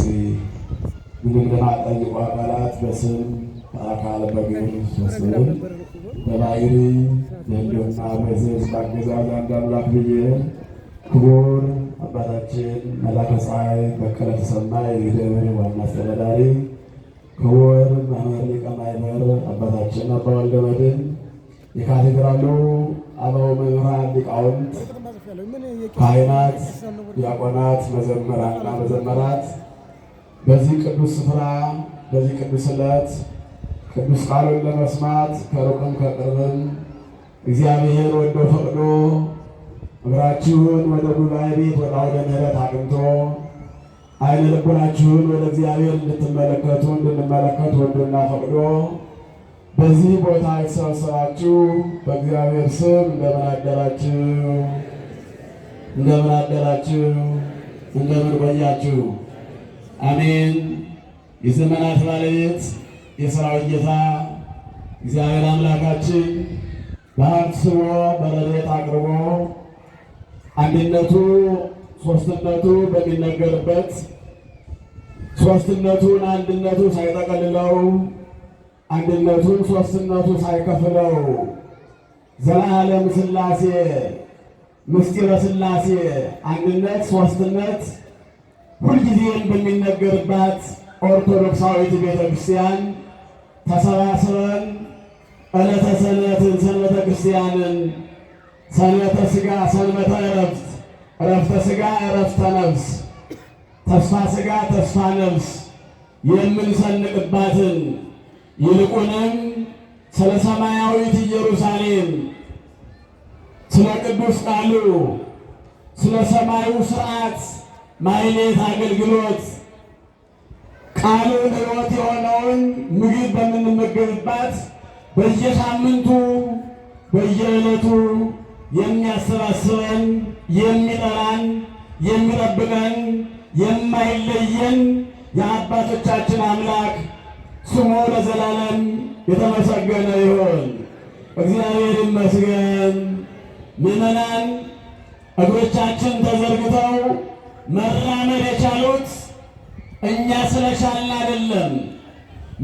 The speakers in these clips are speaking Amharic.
ሴ ግምገማ ጠይቁ አካላት በስም በአካል በግብር በስብዕና በባሕርይ በሕልውና በዘዝ በአገዛዝ አንድ አምላክ ብዬ ክቡር አባታችን መላከ ፀሐይ በቀለ ተሰማ የደብር ዋና አስተዳዳሪ፣ ክቡር መምህር ሊቀ ማእምር አባታችን አባ ወልደ መድኅን፣ የካቴድራሉ አበው መምህራን ሊቃውንት፣ ካህናት፣ ዲያቆናት፣ መዘምራንና መዘመራት በዚህ ቅዱስ ስፍራ በዚህ ቅዱስ ዕለት ቅዱስ ቃሉን ለመስማት ከሩቅም ከቅርብም እግዚአብሔር ወዶ ፈቅዶ እግራችሁን ወደ ጉባኤ ቤት ወደ አውደ ምሕረት አቅንቶ ዓይነ ልቦናችሁን ወደ እግዚአብሔር እንድትመለከቱ እንድንመለከት ወዶና ፈቅዶ በዚህ ቦታ የተሰበሰባችሁ በእግዚአብሔር ስም እንደምን አደራችሁ? እንደምን አደራችሁ? እንደምን ቆያችሁ? አሜን። የዘመናት ባለቤት የሰራዊት ጌታ እግዚአብሔር አምላካችን በሀብት ስቦ በረድኤት አቅርቦ አንድነቱ ሶስትነቱ በሚነገርበት ሶስትነቱን አንድነቱ ሳይጠቀልለው አንድነቱን ሶስትነቱ ሳይከፍለው ዘለዓለም ሥላሴ ምስጢረ ሥላሴ አንድነት ሶስትነት ሁልጊዜም በሚነገርባት ኦርቶዶክሳዊት ቤተ ክርስቲያን ተሰባስበን ዕለተ ሰንበትን፣ ሰንበተ ክርስቲያንን፣ ሰንበተ ሥጋ፣ ሰንበተ ዕረፍት፣ ዕረፍተ ሥጋ፣ ዕረፍተ ነፍስ፣ ተስፋ ሥጋ፣ ተስፋ ነፍስ የምንሰንቅባትን ይልቁንም ስለ ሰማያዊት ኢየሩሳሌም ስለ ቅዱስ ቃሉ ስለ ሰማዩ ሥርዓት ማሕሌት አገልግሎት ቃሉን ሕይወት የሆነውን ምግብ በምንመገብባት በየሳምንቱ በየዕለቱ የሚያሰባስበን የሚጠራን የሚጠብቀን የማይለየን የአባቶቻችን አምላክ ስሙ ለዘላለም የተመሰገነ ይሆን። እግዚአብሔር ይመስገን። ምዕመናን እግሮቻችን ተዘርግተው መራመድ የቻሉት እኛ ስለቻልን አይደለም።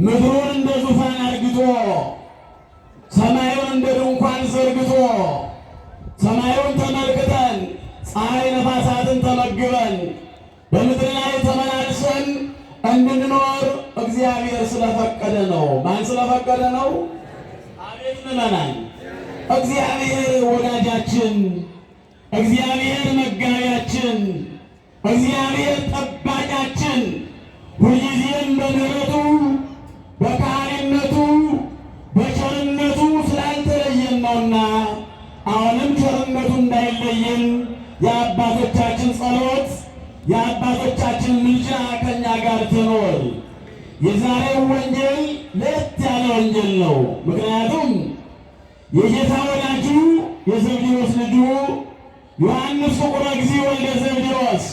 ምድሩን እንደ ዙፋን አርግቶ ሰማዩን እንደ ድንኳን ዘርግቶ ሰማዩን ተመልክተን ፀሐይ ነፋሳትን ተመግበን በምድር ላይ ተመላልሰን እንድንኖር እግዚአብሔር ስለፈቀደ ነው። ማን ስለፈቀደ ነው? አቤት ምዕመናን፣ እግዚአብሔር ወዳጃችን፣ እግዚአብሔር መጋቢያችን እግዚአብሔር ጠባቂያችን ሁልጊዜም በምሕረቱ በካህሪነቱ በቸርነቱ ስላልተለየን ነውና አሁንም ቸርነቱ እንዳይለየን የአባቶቻችን ጸሎት የአባቶቻችን ምልጃ ከእኛ ጋር ትኖር። የዛሬው ወንጌል ለየት ያለ ወንጌል ነው። ምክንያቱም የጌታ ወዳጁ የዘብዴዎስ ልጁ ዮሐንስ ፍቁረ እግዚእ ወልደ ዘብዴዎስ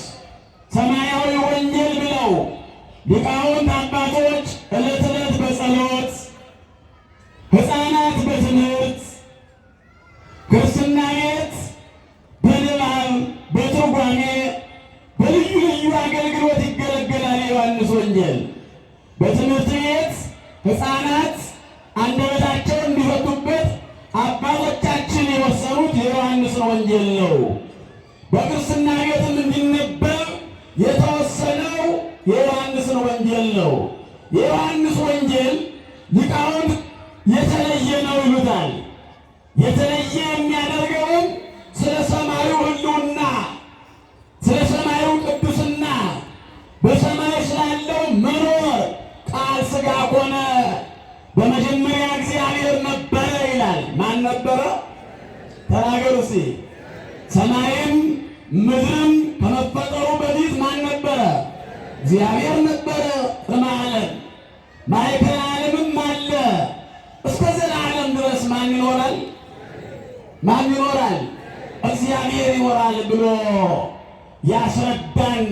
ሰማያዊ ወንጌል ብለው ሊቃውንት አባቶች ዕለት ዕለት በጸሎት ሕፃናት በትምህርት ክርስትና ቤት በንባብ በትርጓሜ በልዩ ልዩ አገልግሎት ይገለገላል። የዮሐንስ ወንጌል በትምህርት ቤት ሕፃናት አንደበታቸው እንዲፈቱበት አባቶቻችን የወሰኑት የዮሐንስ ወንጌል ነው። በክርስትና We angel, without ማን ይኖራል? እግዚአብሔር ይኖራል ብሎ ያስረዳን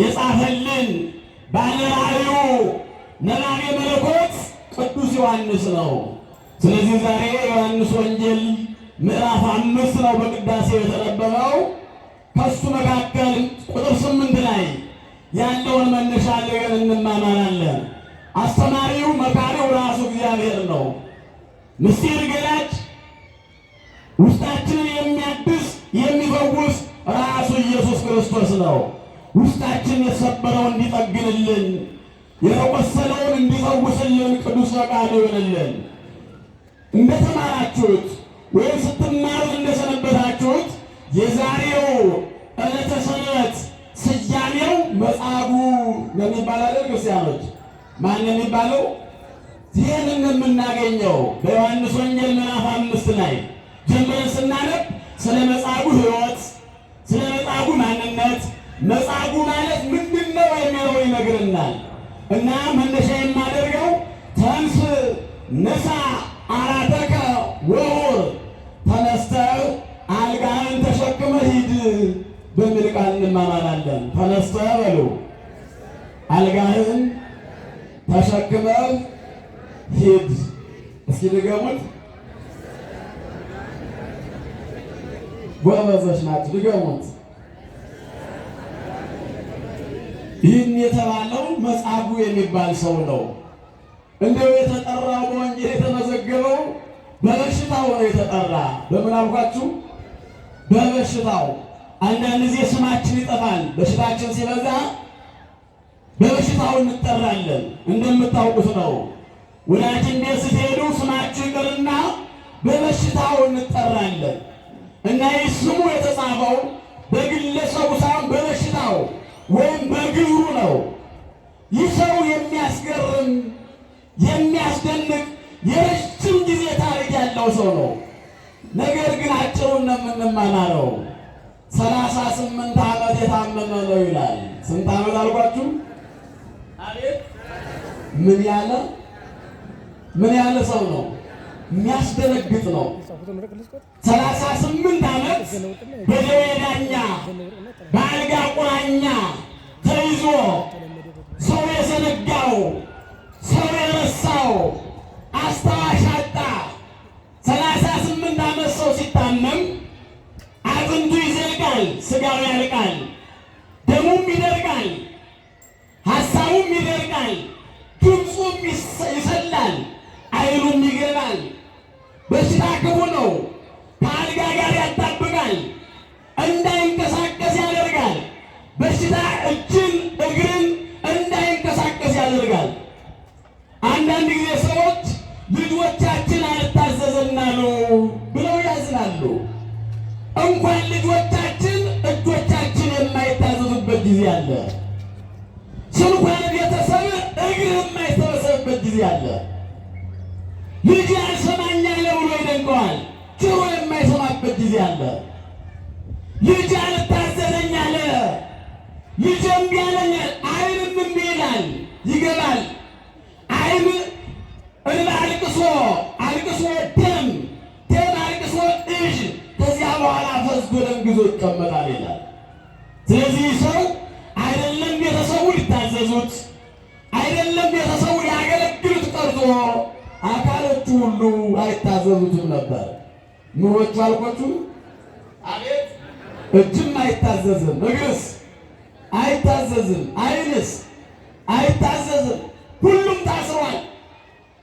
የጻፈልን ባለ ራእዩ ነራቤ መለኮት ቅዱስ ዮሐንስ ነው። ስለዚህ ዛሬ ዮሐንስ ወንጌል ምዕራፍ አምስት ነው በቅዳሴ የተነበበው። ከሱ መካከል ቁጥር ስምንት ላይ ያለውን መነሻ አድርገን እንማማራለን። አስተማሪው መካሪው ራሱ እግዚአብሔር ነው። ምስጢር ገላጭ ክርስቶስ ነው። ውስጣችን የሰበረው እንዲጠግንልን፣ የቆሰለውን እንዲፈውስልን ቅዱስ ፈቃዱ ይሆንልን። እንደተማራችሁት ወይም ስትማሩ እንደሰነበታችሁት የዛሬው ዕለተ ሰንበት ስያሜው መጻጉዕ ነው የሚባለው። ክርስቲያኖች ማን የሚባለው? ይህንን የምናገኘው በዮሐንስ ወንጌል ምዕራፍ አምስት ላይ ጀምረን ስናነብ ስለ መጻጉዕ ሕይወት መጻጉ ማለት ምንድን ነው የሚለው ይነግርናል። እና መነሻ የማደርገው ተንስ ነሳ አራተከ ወሁር ተነስተህ አልጋህን ተሸክመ ሂድ በሚል ቃል እንማማራለን። ተነስተህ በሉ አልጋህን ተሸክመ ሂድ። እስኪ ድገሙት፣ ጎበዞች ናችሁ፣ ልገሙት ጎበዞች ናቸው ልገሙት ይህን የተባለው መጽሐፉ የሚባል ሰው ነው። እንደው የተጠራው በወንጌል የተመዘገበው በበሽታው ነው የተጠራ። በምን አልኳችሁ? በበሽታው። አንዳንድ ጊዜ ስማችን ይጠፋል። በሽታችን ሲበዛ በበሽታው እንጠራለን። እንደምታውቁት ነው። ወዳጅን ቤት ስትሄዱ ስማችሁ ይቅርና በበሽታው እንጠራለን እና ይህ ስሙ የተጻፈው በግለሰቡ ሳይሆን ወይም በግብሩ ነው። ይህ ሰው የሚያስገርም የሚያስደንቅ የረጅም ጊዜ ታሪክ ያለው ሰው ነው። ነገር ግን አጭሩን ነው የምንማናረው? ሰላሳ ስምንት ዓመት የታመመ ነው ይላል። ስንት ዓመት አልኳችሁ? አቤት ምን ያለ ምን ያለ ሰው ነው? የሚያስደነግጥ ነው። ሰላሳ ስምንት ዓመት በደዌ ዳኛ በአልጋ ቁራኛ ተይዞ ሰው የዘነጋው ሰው የረሳው አስታዋሽ ሰላሳ ስምንት ዓመት ሰው ሲታመም አጥንቱ ይዘልቃል፣ ስጋው ያልቃል፣ ደሙም ይደርቃል፣ ሀሳቡም ይደርቃል፣ ድምፁም ይሰላል፣ አይኑም ይገባል። በሽታ ክፉ ነው። ከአልጋ ጋር ያጣብቃል፣ እንዳይንቀሳቀስ ያደርጋል። በሽታ እጅን አይደለም ቤተሰቡ ያገለግሉት ቀርቶ አካሎቹ ሁሉ አይታዘዙትም ነበር። ኑሮቹ አልኮቹ አቤት እጅም አይታዘዝም፣ እግርስ አይታዘዝም፣ አይንስ አይታዘዝም። ሁሉም ታስሯል።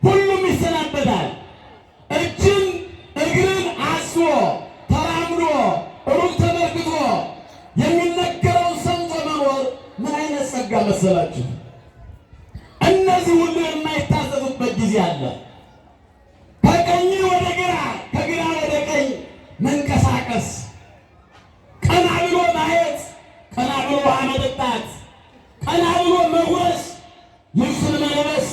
ሁሉም ይሰናበታል። እጅን እግርን አስሮ ተራምዶ ሩቅ ተመልክቶ የሚነገረውን ሰምቶ መኖር ምን አይነት ጸጋ መሰላችሁ? ጊዜ አለ። ከቀኝ ወደ ግራ፣ ከግራ ወደ ቀኝ መንቀሳቀስ፣ ቀና ብሎ ማየት፣ ቀና ብሎ ውሃ መጠጣት፣ ቀና ብሎ መጉረስ፣ ልብሱን መለበስ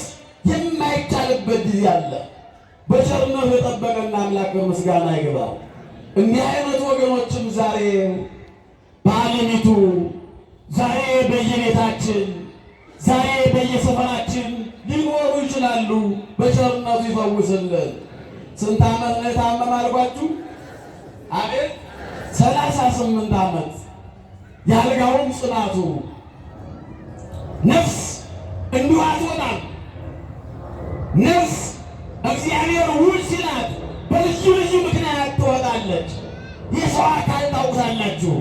የማይቻልበት ጊዜ አለ። በቸርነቱ የጠበቀና አምላክ በምስጋና ይግባው። እንዲህ አይነት ወገኖችም ዛሬ በዓለሚቱ ዛሬ በየቤታችን ዛሬ በየሰፈራችን ሊኖሩ ይችላሉ። በቸርነቱ ይፈውስልን። ስንት ዓመት ነው የታመመ አልኳችሁ? አቤት ሰላሳ ስምንት ዓመት ያልጋውም ጽናቱ ነፍስ እንዲሁ አትወጣም። ነፍስ እግዚአብሔር ውል ሲላት በልዩ ልዩ ምክንያት ትወጣለች። የሰው አካል ታውቁታላችሁ።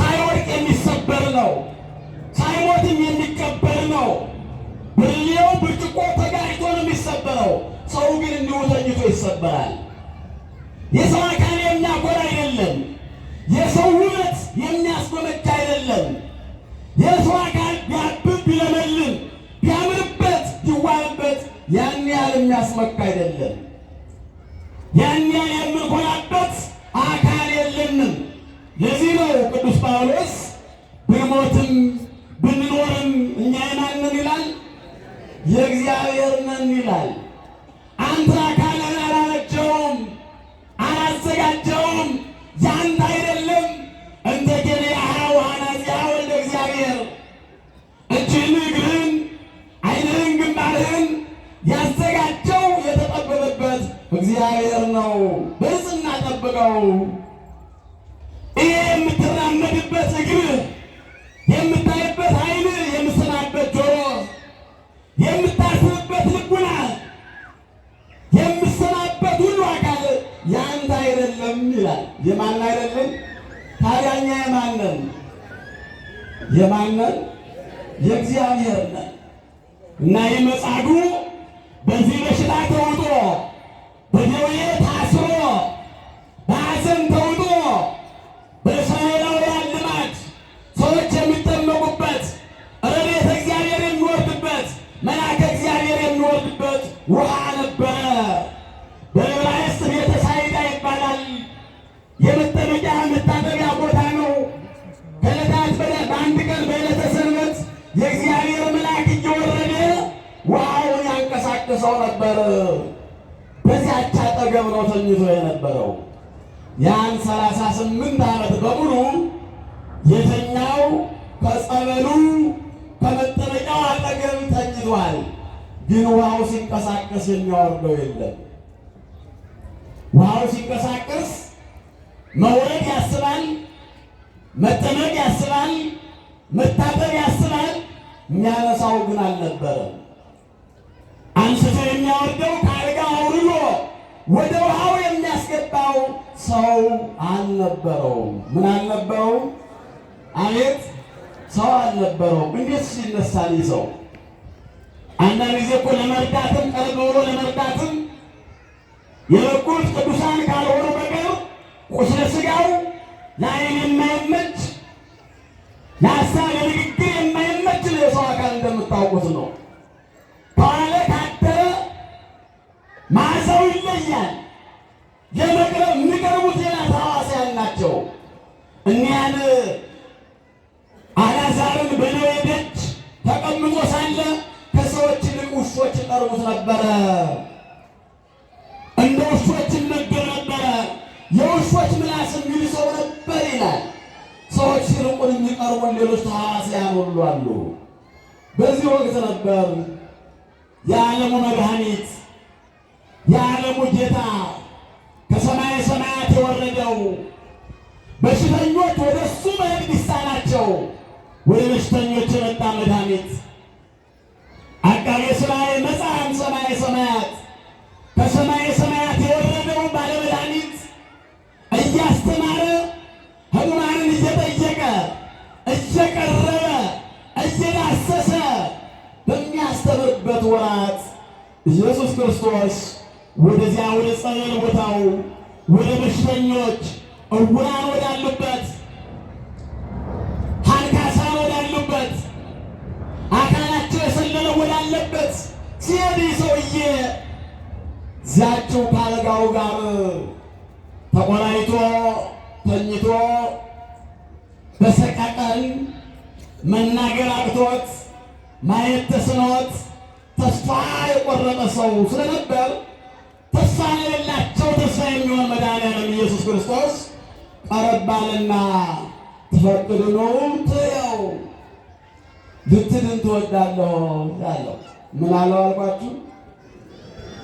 ሳይወድቅ የሚሰበር ነው። ሳይሞትም የሚቀበር ነው። ብርሌው ብርጭቆ ተጋጭቶ ነው የሚሰበረው። ሰው ግን እንዲሁ ተኝቶ ይሰበራል። የሰው አካል የሚያኮራ አይደለም። የሰው ውበት የሚያስጎመጅ አይደለም። የሰው አካል ቢያብብ ቢለመልን ቢያምርበት ቢዋልበት ያን ያህል የሚያስመካ አይደለም። ያን ያህል የምንኮራበት አካል የለንም። ለዚህ ነው ቅዱስ ጳውሎስ ብንሞትም ብንኖርም እኛ የማንን ይላል የእግዚአብሔር ነን ይላል። አንተ አካልን አላረጀውም፣ አላዘጋጀውም፣ ያንተ አይደለም። እንተገነ ያሃው ሐናዚያ ወልደ እግዚአብሔር ግንባርህን ያዘጋጀው የተጠበበበት እግዚአብሔር ነው። በጽና ጠብቀው። ይሄ የምትራመድበት እግርህ የማን አይደለም? ታዲያ እኛ የማን ነን? የማን ነን? የእግዚአብሔር ነን። እና በዚህ በሽታ ተውጦ በደዌ ታስሮ በሐዘን ተውጦ በሰላውራን ልማድ ሰዎች የሚጠመቁበት ረድኤተ እግዚአብሔር የሚወርድበት መልአከ እግዚአብሔር የሚወርድበት ውሃ መታጠቢያ ቦታ ነው። ከዕለታት በአንድ ቀን በዕለተ ሰንበት የእግዚአብሔር መልአክ እየወረደ ውሃውን ያንቀሳቅሰው ነበር። በዚያች አጠገብ ነው ተኝቶ የነበረው። ያን ሰላሳ ስምንት ዓመት በሙሉ የተኛው ከጸበሉ ከመጠመቂያው አጠገብ ተኝቷል። ግን ውሃው ሲንቀሳቀስ የሚያወርደው የለም። ውሃው ሲንቀሳቀስ መውረድ ያስባል፣ መጠመድ ያስባል፣ መታጠብ ያስባል። የሚያነሳው ግን አልነበረም። አንስቶ የሚያወርደው ታርጋ አውርዶ ወደ ውሃው የሚያስገባው ሰው አልነበረውም። ምን አልነበረውም? አቤት ሰው አልነበረውም። እንዴት ሲነሳል ሰው? አንዳንድ ጊዜ እኮ ለመርዳትም ቀርብ ብሎ ለመርዳትም የበቁት ቅዱሳን ካልሆኑ በቀር ቁስለ ስጋው ለዓይን የማይመች ለሀሳብ ለንግግር የማይመች የሰው አካል እንደምታውቁት ነው። ከዋለ ካደረ ማዕዛው ይለያል። የሚቀርቡት ሌላ ተዋሳያን ናቸው። እኒያን አላዛርን በነዌ ደጅ ተቀምጦ ሳለ ከሰዎች ይልቅ ውሾች ይቀርቡት ነበረ። አሁን ሌሎች ተሐዋስያን ሁሉ አሉ። በዚህ ወቅት ነበር የዓለሙ መድኃኒት የዓለሙ ጌታ ከሰማይ ሰማያት የወረደው በሽተኞች ወደ እሱ መሄድ ቢሳናቸው ወደ በሽተኞች የመጣ መድኃኒት። አቃቤ ሥራዬ መጽሐም ሰማይ ሰማያት ከሰማይ ሰማያት በሚመጡበት ወራት ኢየሱስ ክርስቶስ ወደዚያ ወደ ጸበል ቦታው ወደ በሽተኞች እውራን ወዳሉበት አንካሳን ወዳሉበት አካላቸው የሰለለ ወዳለበት ሲሄድ ሰውዬ እዚያቸው ካለጋው ጋር ተቆራይቶ ተኝቶ በሰቀቀን መናገር አቅቶት ማየት ተስኖት ተስፋ የቆረጠ ሰው ስለነበር ተስፋ የሌላቸው ተስፋ የሚሆን መድኃኒዓለም ኢየሱስ ክርስቶስ ቀረባልና ትፈቅድ ነው ትየው ልትድን ትወዳለሁ ያለው ምን አለው አልኳችሁ?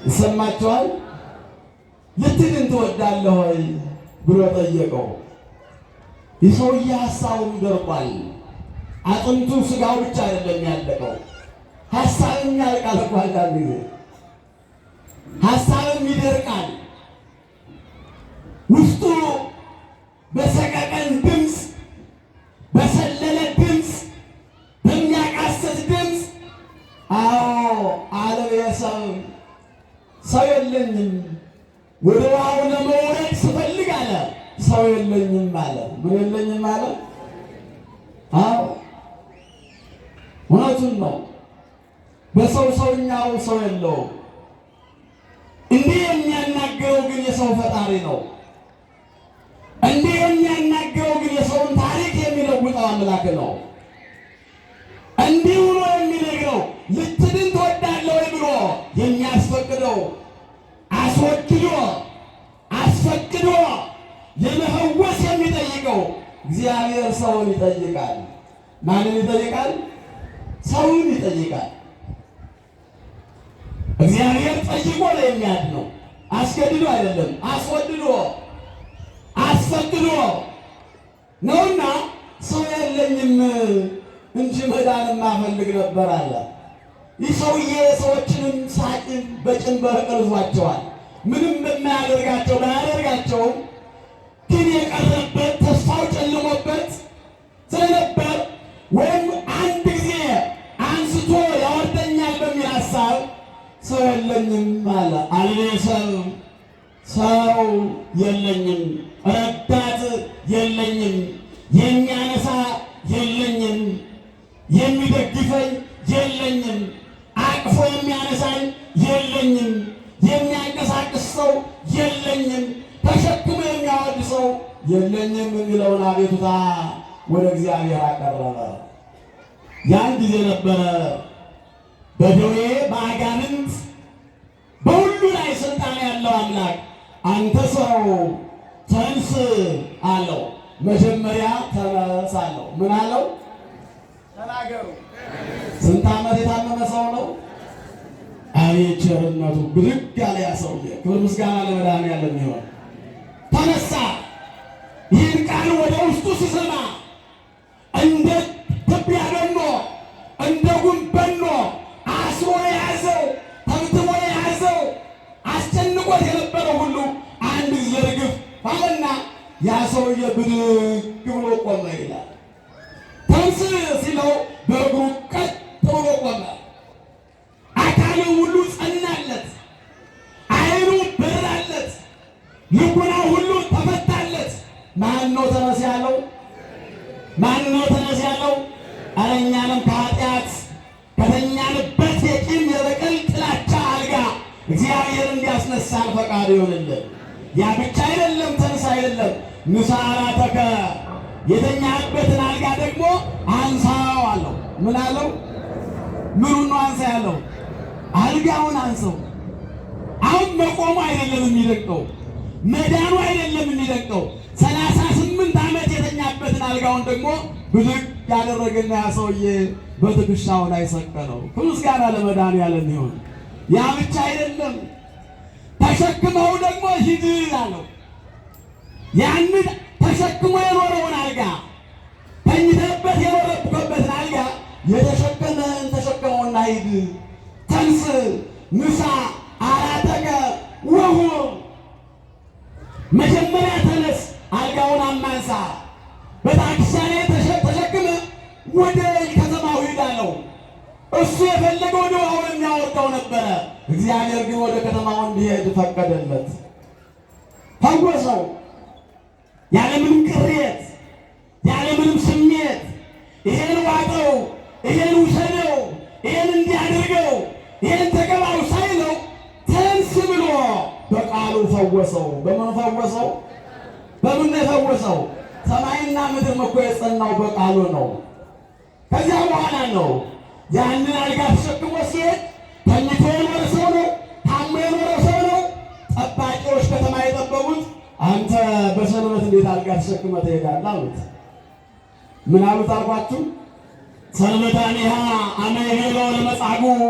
ይሰማችኋል? ልትድን ትወዳለህ ወይ ብሎ ጠየቀው። የሰውዬ ሀሳቡም ደርቋል። አጥንቱ ስጋው ብቻ አይደለም ያለቀው። ሀሳብም ያልቃል እኮ አንዳንድ ጊዜ ሀሳብም ይደርቃል። ውስጡ በሰቀቀን ድምፅ፣ በሰለለ ድምፅ፣ በሚያቃስት ድምፅ አዎ አለም የሰው ሰው የለኝም ወደ ውሃው ለመውረድ ስፈልግ አለ ሰው የለኝም አለ። ምን የለኝም አለ? አዎ እውነቱን ነው። በሰው ሰውኛው ሰው የለውም። እንዲህ የሚያናገረው ግን የሰው ፈጣሪ ነው። እንዲህ የሚያናገረው ግን የሰውን ታሪክ የሚለውጠው አምላክ ነው። እንዲህ ብሎ የሚነግረው ልትድን ትወዳለህ ወይ ብሎ የሚያስፈቅደው አስወግዶ አስፈቅዶ ለመፈወስ የሚጠይቀው እግዚአብሔር ሰውን ይጠይቃል። ማንን ይጠይቃል? ሰውን ይጠይቃል። እግዚአብሔር ጠይቆ ነው የሚያድነው፣ አስገድዶ አይደለም። አስወድዶ አስፈቅዶ ነውና ሰው የለኝም እንጂ መዳን ማፈልግ ነበር አለ። ይህ ሰውዬ ሰዎችንም ሳጥን በጭንበር ቀርዟቸዋል። ምንም በማያደርጋቸው ባያደርጋቸውም ግን የቀረበት ተስፋው ጨልሞበት ስለነበር ወይም አንድ ጊዜ አንስቶ ሰው የለኝም አለ። አልቤሰብ ሰው የለኝም፣ ረዳት የለኝም፣ የሚያነሳ የለኝም፣ የሚደግፈኝ የለኝም፣ አቅፎ የሚያነሳኝ የለኝም፣ የሚያንቀሳቅስ ሰው የለኝም፣ ተሸክሞ የሚያወድ ሰው የለኝም የሚለውን አቤቱታ ወደ እግዚአብሔር አቀረበ። ያን ጊዜ ነበረ በደዌ በአጋንንት በሁሉ ላይ ስልጣን ያለው አምላክ አንተ ሰው ተንስ አለው። መጀመሪያ ተነስ አለው። ምን አለው? ተናገሩ። ስንት ዓመት የታመመ ሰው ነው? አቤት ቸርነቱ! ብድግ ያለ ያ ሰውዬ ክብር ምስጋና ለመድኃኒዓለም ይሆን። ተነሳ። ይህን ቃል ወደ ውስጡ ሲሰማ እግዚአብሔር እንዲያስነሳን ፈቃድ ይሆንልን። ያ ብቻ አይደለም፣ ተንሳ አይደለም ምሳ አራተከ የተኛህበትን አልጋ ደግሞ አንሳው አለው። ምን አለው? ምኑን ነው አንሳ ያለው? አልጋውን አንሰው። አሁን መቆሙ አይደለም የሚደቀው፣ መዳኑ አይደለም የሚደቀው። ሰላሳ ስምንት ዓመት የተኛበትን አልጋውን ደግሞ ብድግ ያደረገና ያ ሰውዬ በትከሻው ላይ ሰቀለው። ከምስጋና ለመድኃኔዓለም ይሁን። ያ ብቻ አይደለም፣ ተሸክመው ደግሞ ሂድ አለው። ያን ተሸክሞ የኖረውን አልጋ ተኝተበት የኖረበትን አልጋ የተሸከመን ተሸከመውና ሂድ ተንስ ምሳ አራተቀ ወሁ መጀመሪያ እሱ የፈለገው ወደ ውሃው የሚያወጣው ነበረ። እግዚአብሔር ግን ወደ ከተማው እንዲሄድ ፈቀደለት፣ ፈወሰው። ያለምንም ቅሬት፣ ያለምንም ስሜት ይሄን ዋጠው፣ ይሄን ውሰደው፣ ይሄን እንዲያደርገው፣ ይሄን ተቀባው ሳይለው ተንስ ብሎ በቃሉ ፈወሰው። በምን ፈወሰው? በምን የፈወሰው? ሰማይና ምድር እኮ የጸናው በቃሉ ነው። ከዚያ በኋላ ነው ያንን አልጋ ተሸክሞ ሲሄድ ተኝቶ የኖረ ሰው ነው፣ ታሞ የኖረ ሰው ነው። ጠባቂዎች ከተማ የጠበቁት አንተ በሰንበት እንዴት አልጋ ተሸክመ ትሄዳለህ አሉት። ምን አሉት አልኳችሁ? ሰንበታኒሃ አመ ይሄለው ለመጻጉዕ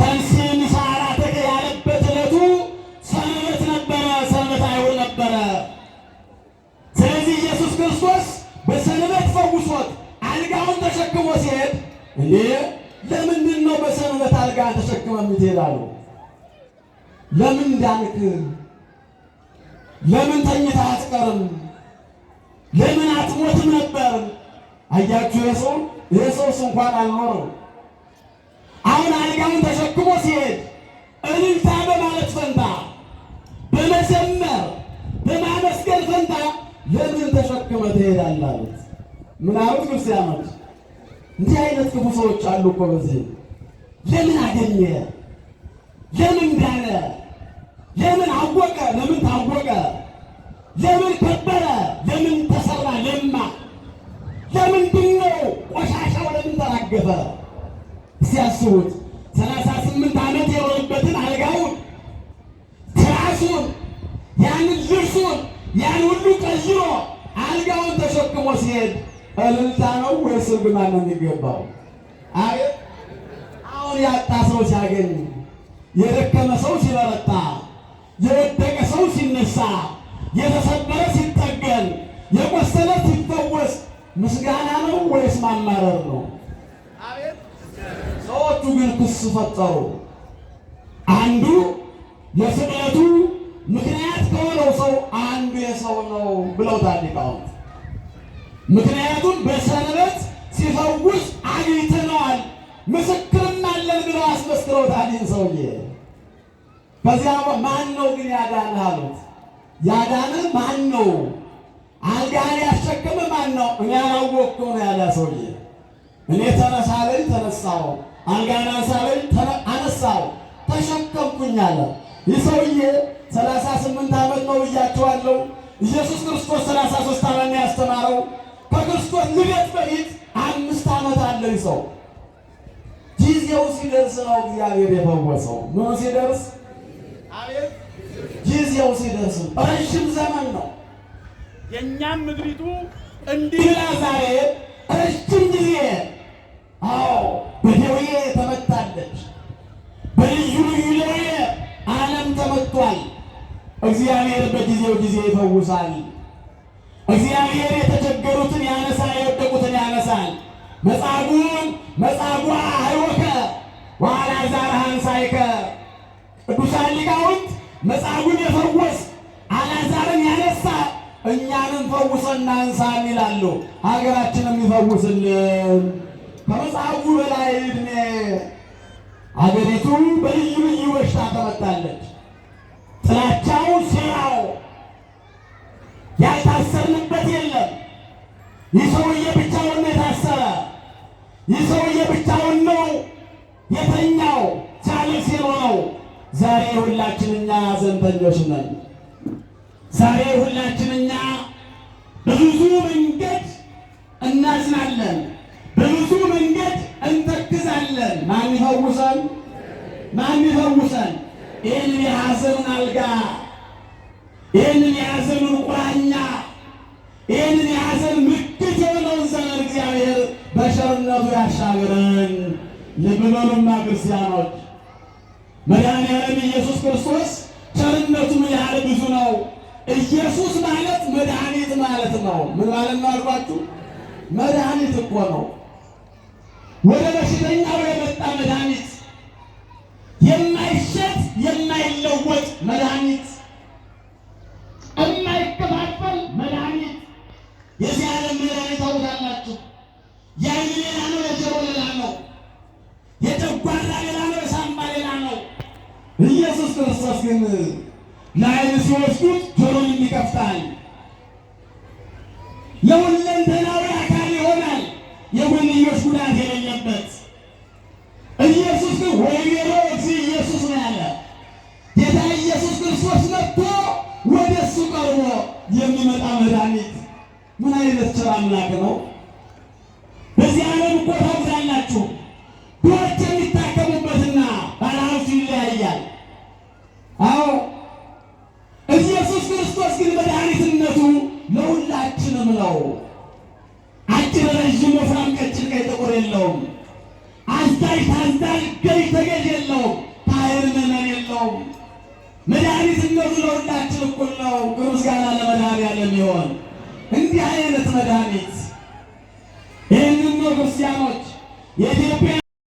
ተንሥእ ምሳለ ያለበት ዕለቱ ሰንበት ነበረ፣ ሰንበት አይሁድ ነበረ። ስለዚህ ኢየሱስ ክርስቶስ በሰንበት ፈውሶት አልጋውን ተሸክሞ ሲሄድ እኔ ለምንድን ነው በሰንበት አልጋ ተሸክመ የምትሄዳሉ? ለምን ዳንክ? ለምን ተኝታ አትቀርም? ለምን አትሞትም ነበር? አያችሁ፣ የሰው የሰውስ እንኳን አልኖርም። አሁን አልጋውን ተሸክሞ ሲሄድ እልልታ በማለት ፈንታ በመዘመር በማመስገን ፈንታ ለምን ተሸክመ ትሄዳላለት? ምን አሉት ክርስቲያኖች? እንዲህ አይነት ክፉ ሰዎች አሉ እኮ በዚህ ለምን አገኘ ለምን ዳነ ለምን አወቀ ለምን ታወቀ ለምን ከበረ ለምን ተሰራ ለማ ለምንድን ነው ቆሻሻው ለምን ተራገፈ ሲያስቡት ሰላሳ ስምንት ዓመት የሆነበትን አልጋውን ትራሱን ያንን ልብሱን ያን ሁሉ ቀዝሮ አልጋውን ተሸክሞ ሲሄድ እልልታ ነው ወይስ እርግማን ነው የሚገባው? አይ አሁን ያጣ ሰው ሲያገኝ፣ የደከመ ሰው ሲበረታ፣ የወደቀ ሰው ሲነሳ፣ የተሰበረ ሲጠገን፣ የቆሰለ ሲፈወስ ምስጋና ነው ወይስ ማማረር ነው? ሰዎቹ ግን ክስ ፈጠሩ። አንዱ የስቅለቱ ምክንያት ከሆነው ሰው አንዱ የሰው ነው ብለውታል ሊቃውንት ምክንያቱም በሰንበት ሲፈውስ አግኝተነዋል፣ ምስክርና አለን ብለው አስመስክረውታል። ይህን ሰውዬ በዚያ ማን ነው ግን ያዳነ አሉት። ያዳነ ማን ነው? አልጋህን ያሸከመ ማን ነው? እኔ አላወቅኩም ነው ያለ ሰውዬ። እኔ ተነሳለኝ ተነሳው፣ አልጋህን አንሳ አነሳው፣ ተሸከምኩኝ አለ። ይህ ሰውዬ ሰላሳ ስምንት ዓመት ነው ብያቸዋለሁ። ኢየሱስ ክርስቶስ ሰላሳ ሦስት ዓመት ነው ያስተማረው። ወር ልቤት በፊት አምስት ዓመት አለኝ ሰው ጊዜው ሲደርስ ነው እግዚአብሔር የፈወሰው። ምን ሲደርስ? ጊዜው ሲደርስ ዘመን ነው። የእኛም ምድሪቱ እንዲህ ጊዜ አዎ፣ በደዌ ተመታለች። በልዩ ልዩ ደዌ ዓለም ተመቷል። እግዚአብሔር በጊዜው ጊዜ ይፈውሳል። እግዚአብሔር የተቸገሩትን ያነሳ የወደቁትን ያነሳል። መጻጉዕን መጻጉዕ አዕወከ ወአልዓዛር አንሣእከ። ቅዱሳን ሊቃውንት መጻጉዕን የፈወስ አልዓዛርን ያነሳ እኛንም ፈውሰና አንሳን ይላሉ። ሀገራችንም ይፈውስልን። ከመጻጉዕ በላይ እድሜ አገሪቱ በልዩ ልዩ በሽታ ተመታለች። ጥላቻው ሴራው ያልታሰርንበት የለም። ይህ ሰውዬ ብቻውን ነው የታሰረ። ይህ ሰውዬ ብቻውን ነው የተኛው ቻሌንጅ የሆነው። ዛሬ ሁላችን ሐዘንተኞች ነን። ዛሬ ሁላችን እኛ በብዙ መንገድ እናዝናለን፣ በብዙ መንገድ እንተክዛለን። ማን ይፈውሰን? ማን ይፈውሰን? ይህን የሐዘን አልጋ ይህንን የያዘን ቁራኛ ይህንን የያዘን ምክት የሆነውን ዘመን እግዚአብሔር በሸርነቱ ያሻግረን። ልብ በሉና ክርስቲያኖች መድኃኒዓለም ኢየሱስ ክርስቶስ ቸርነቱ ምን ያህል ብዙ ነው። ኢየሱስ ማለት መድኃኒት ማለት ነው። ምን ማለት ነው አልኳችሁ? መድኃኒት እኮ ነው። ወደ በሽተኛው የመጣ መድኃኒት፣ የማይሸት የማይለወጥ መድኃኒት የአይን ሌላ ነው፣ የጆሮ ሌላ ነው፣ የጨጓራ ሌላ ነው፣ የሳምባ ሌላ ነው። ኢየሱስ ክርስቶስ ግን ለአይን ሲወስዱት ጆሮን ይከፍታል። የሁለንተናዊ አካል ይሆናል። የጎንዮሽ ጉዳት የሌለበት ኢየሱስ ግን ወይኔሮ እዚ ኢየሱስ ነው ያለ ጌታ ኢየሱስ ክርስቶስ መጥቶ ወደ እሱ ቀርቦ የሚመጣ መድኃኒት ምን አይነት ቸር አምላክ ነው!